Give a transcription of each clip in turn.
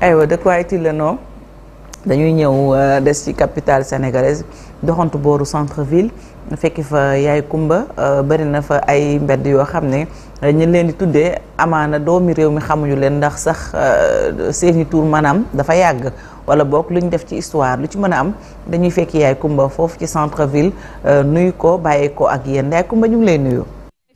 aywa dëkkuwaay Tile Noo dañuy ñëw euh, des ci capital sénégalaise doxantu booru centre ville fekki fa yaay kumba euh, bari na fa ay mbedd yoo xam ne ñu leen di tuddee amaana doomi réew mi xamuñu leen ndax sax euh, seeni tur maanaam dafa yàgg wala boog lu ñu def ci histoire lu ci mën a am dañuy fekki yaay kumba foofu ci centre ville nuyu ko bàyyi ko ak yéen yaay kumba ñu ngi lay nuyu.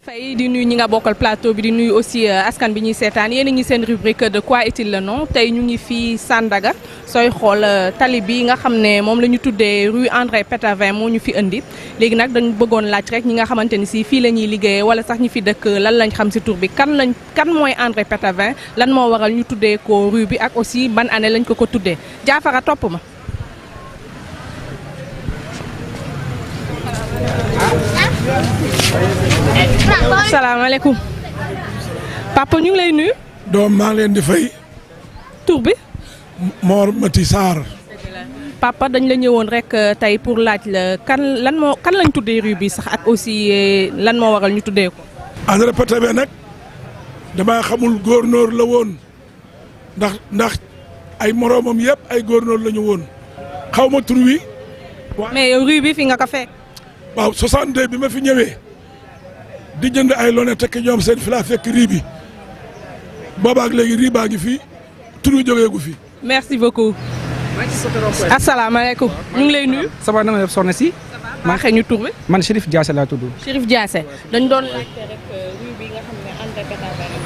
Faye di nuyu ñi nga bokkal plateau bi di nuyu aussi euh, askan bi ñuy seetaan yéen a ngi seen rubrique de quoi est-il le tey ñu ngi fii Sandaga sooy xool euh, tali bi nga xam ne moom la ñu tuddee rue André Pétavin moo ñu fi indi léegi nag dañu bëggoon laaj rek ñi nga xamante ni si fii la ñuy liggéeyee wala sax ñi fi dëkk lan lañ xam si tuur bi kan lañ kan mooy André Pétavin lan moo waral ñu tuddee ko rue bi ak aussi ban année lañ ko ko tuddee jaafara topp ma. salaamaaleykum. papa ñu ngi lay nuyu. doom maa ngi leen di fay. tur bi. Mor Mati Sarr. papa dañ la ñëwoon rek euh, tey pour laaj la kan lan moo kan lañ tuddee rue bi sax ak aussi euh, lan moo waral ñu tuddee ko. engrais pate be nag damaa xamul góornóor la woon ndax ndax ay moroomam yëpp ay góornóor la ñu woon xaw ma tur wi. mais yow rue bi fi nga ko fekk. waaw 62 bi ma fi ñëwee di jënd ay lone tekk ñoom seen fi laa fekk riz bi boobaak léegi riz baa ngi fi turu jógeegu fi. merci beaucoup. asalaamaaleykum mu ngi lay nuyu. sama na nga soxna si. maa xëy ñu tur bi. man Chérif Diassé laa tudd. Chérif Diassé dañ doon laajte rek riz euh, bi nga xam ne engrais pétavin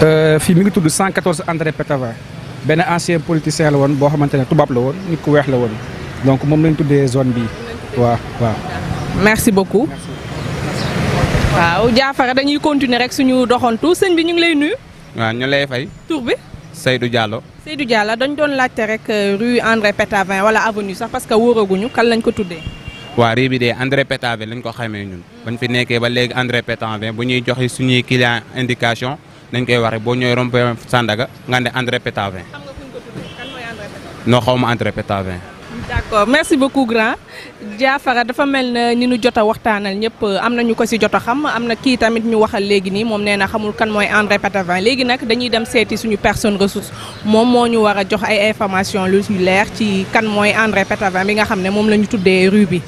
kan euh, fii mi ngi tudd 114 engrais pétavin benn ancien politicien la woon boo xamante ne tubaab la woon nit ku weex la woon donc moom lañ tuddee zone bi waaw waaw. merci beaucoup. waaw Diafara dañuy continuer rek suñu doxantu sëñ bi ñu ngi lay nuyu. waaw ñu lay fay. tur bi. Seydou Diallo. Seydou Diallo dañu doon laajte rek euh, rue André Pétavin wala avenue sax parce que wóoraguñu kan lañ ko tuddee. waa rue bi de André Pétavin lañ ko xamee ñun. bañ fi nekkee ba léegi André Pétavin bu ñuy joxe suñuy client indication dañ koy waxe boo ñooy rompé Sandaga nga ne André Pétavin. xam nga kuñ André Pétavin. non accord merci beaucoup grand jaafara dafa mel na ni nu jot a waxtaanal ñëpp euh, am na ñu ko si jot a xam am na kii tamit ñu waxal léegi nii moom nee na xamul kan mooy André Patavin léegi nag dañuy dem seeti suñu personne ressource moom moo ñu war a jox ay information lu leer ci kan mooy André Patavin bi nga xam ne moom la ñu tuddee rue bi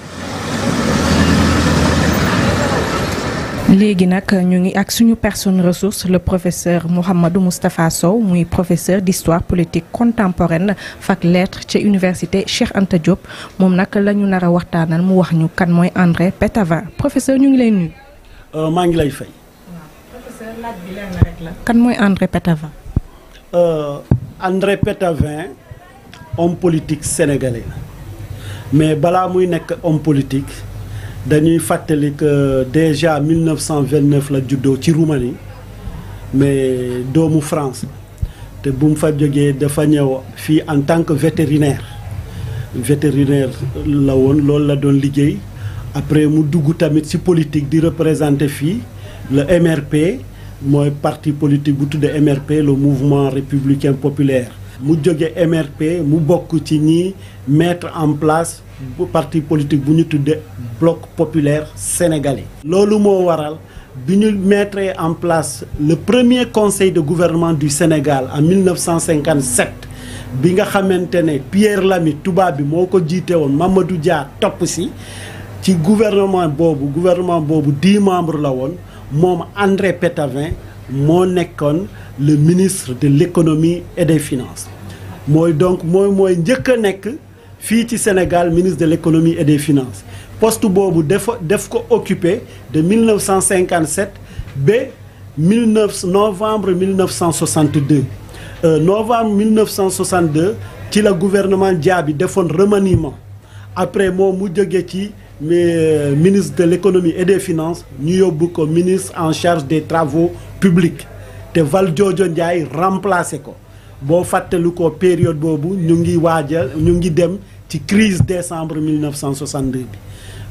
léegi nag ñu ngi ak suñu personne ressource le professeur Mouhamadou Moustapha Sow muy professeur d'histoire politique contemporaine fac lettres ca université Cheikh Anta Diop moom nag la ñu nar a waxtaanal mu wax ñu kan mooy André Pétavin professeur ñu ngi lay nuyu. Euh, maa ngi lay fay. professeur laaj bi leer na rek la. kan mooy André Pétavin. Euh, André Pétavin homme politique sénégalais mais balaa muy nekk homme politique. dañuy fàttali que déjà 1929 la juddoo ci Roumanie mais doomu France te bu mu fa jógee dafa ñëw fii en tant que vétérinaire vétérinaire la woon loolu la doon liggéey après mu dugg tamit ci politique di représenter fii la MRP mooy parti politique bu tudde MRP le mouvement républicain populaire mu jóge MRP mu bokk ci ñi mettre en place bu parti politique bu ñu tuddee bloc populaire sénégalais. loolu moo waral bi ñu mettre en place le premier conseil de gouvernement du Sénégal en 1957 bi nga xamante ne Pierre Lamine tubaab bi moo ko jiite woon Mamadou jaar topp si ci gouvernement boobu gouvernement boobu di membre la woon moom André Pétavin moo nekkoon. le ministre de l'économie et des finances mooy donc mooy mooy njëkk a nekk fii ci Sénégal ministre de l'économie et des finances poste boobu dafa def ko occupé de 1957 ba 19 novembre 1962 euh, novembre 1962 ci la gouvernement Diaby defoon remaniement après moom mu jóge ci euh, ministre de l'économie et des finances ñu yóbbu ko ministre en charge des travaux publics te Valdiodio Ndiaye remplacé ko boo fàttali ko période boobu ñu ngi waajal ñu ngi dem ci crise décembre 1962 bi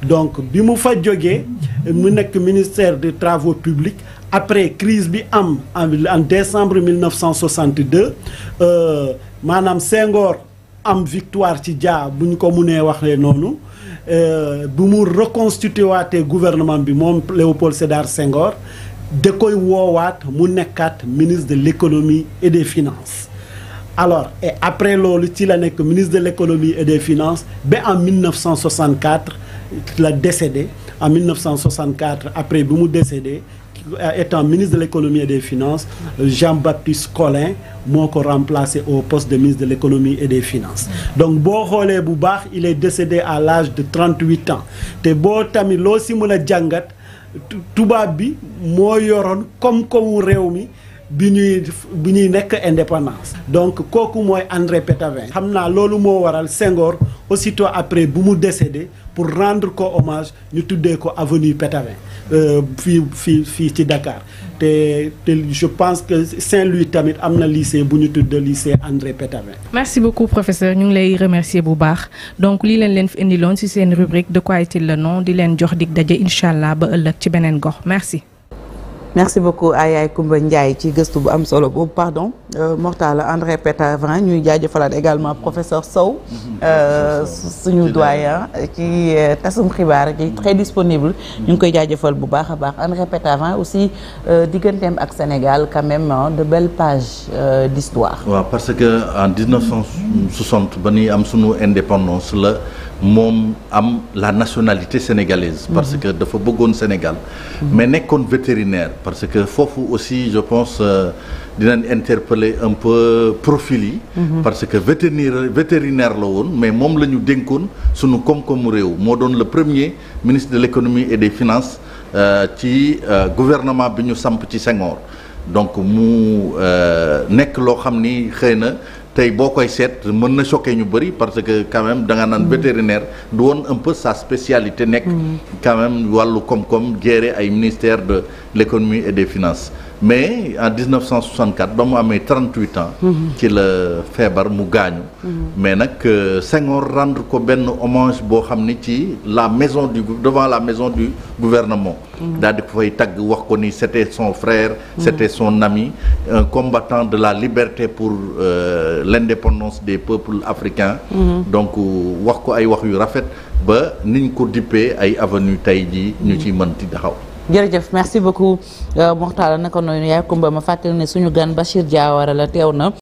donc bi mu fa jógee mu nekk ministère de travaux publics après crise bi am en décembre 1962 euh, maanaam Senghor am victoire ci Dia bu ñu ko mënee waxee noonu euh, bu mu reconstitué waatee gouvernement bi moom Léopold Sédar Senghor da koy woowaat mu nekkaat ministre de l'économie et des finances alors et après loolu ci la nekk ministre de l'économie et des finance ba en 1964 la décédé en 1964 après bi mu décédé étant ministre de l'économie et des finance Jean-Baptiste Collin moo ko remplacé au poste de ministre de l'économie et des finances donc boo xoolee bu baax il est décédé à l'âge de 38 ans te boo tamit loo si mun a jàngat tubaab bi moo yoroon kom komu réew mi bi ñuy bi ñuy nekk indépendance. donc kooku mooy André Pétavin. xam naa loolu moo waral sengoor aussi aussitôt après bu mu décédé pour rendre ko hommage ñu tuddee ko avenue Pétavin euh, fii fii fii ci Dakar te te je pense que Saint-Louis tamit am na lycée bu ñu tudd lycée André Pétavin. merci beaucoup professeur ñu ngi lay remercier bu baax donc lii leen leen fi indiloon ci seen rubrique de quoi est-il le nom di leen jox di daje incha allah ba ëllëg ci beneen gox merci. merci beaucoup Ayaay Kumba Ndiaye ci gëstu bu am solo boobu pardon euh, Mortala André Pétavin ñuy jaajëfalaat également professeur Sow euh, suñu doyen ci euh, tasum xibaar gi très disponible ñu ngi koy jaajëfal bu baax a baax André Pétavin aussi digganteem ak Sénégal quand même de belles pages d'histoire waaw parce que en 1960 ba ñuy am suñu indépendance la moom am la nationalité sénégalaise mhm. parce que dafa bëggoon Sénégal mhm. mais nekkoon vétérinaire parce que foofu aussi je pense euh, dinañ interpeller un peu profil yi mhm. parce que vétérinaire la woon mais moom la ñu dénkoon suñu koom-koomu réew moo doon le premier ministre de l'économie et des finances euh, ci euh, gouvernement bi ñu samp ci Senghor donc mu nekk loo xam ni xëy na tey boo koy seet mën na choqué ñu bëri parce que quand même da nga naan mm. vétérinaire du woon un peu sa spécialité nekk mm. quand wàllu koom-koom gérer ay ministère de l'économie et des finances mais en 1964 ba mu amee trent 38 ans. Mhm. ci la feebar mu gaañu. Mhm. mais nag euh, Senghor rendre ko benn hommage boo xam ni ci la maison du devant la maison du gouvernement. Mhm. daal di ko tagg wax ko ni c'était son frère. c'était son ami un combattant de la liberté pour euh, l'indépendance des peuples africains. donc wax ko ay wax yu rafet ba niñ ko dippee ay avenue tey jii ñu ci mën ti daxaw jërëjëf merci beaucoup euh, Mokhtar naka noonu yaay Kumba ma fàttali ne suñu gan Bachir Diawara la teew na.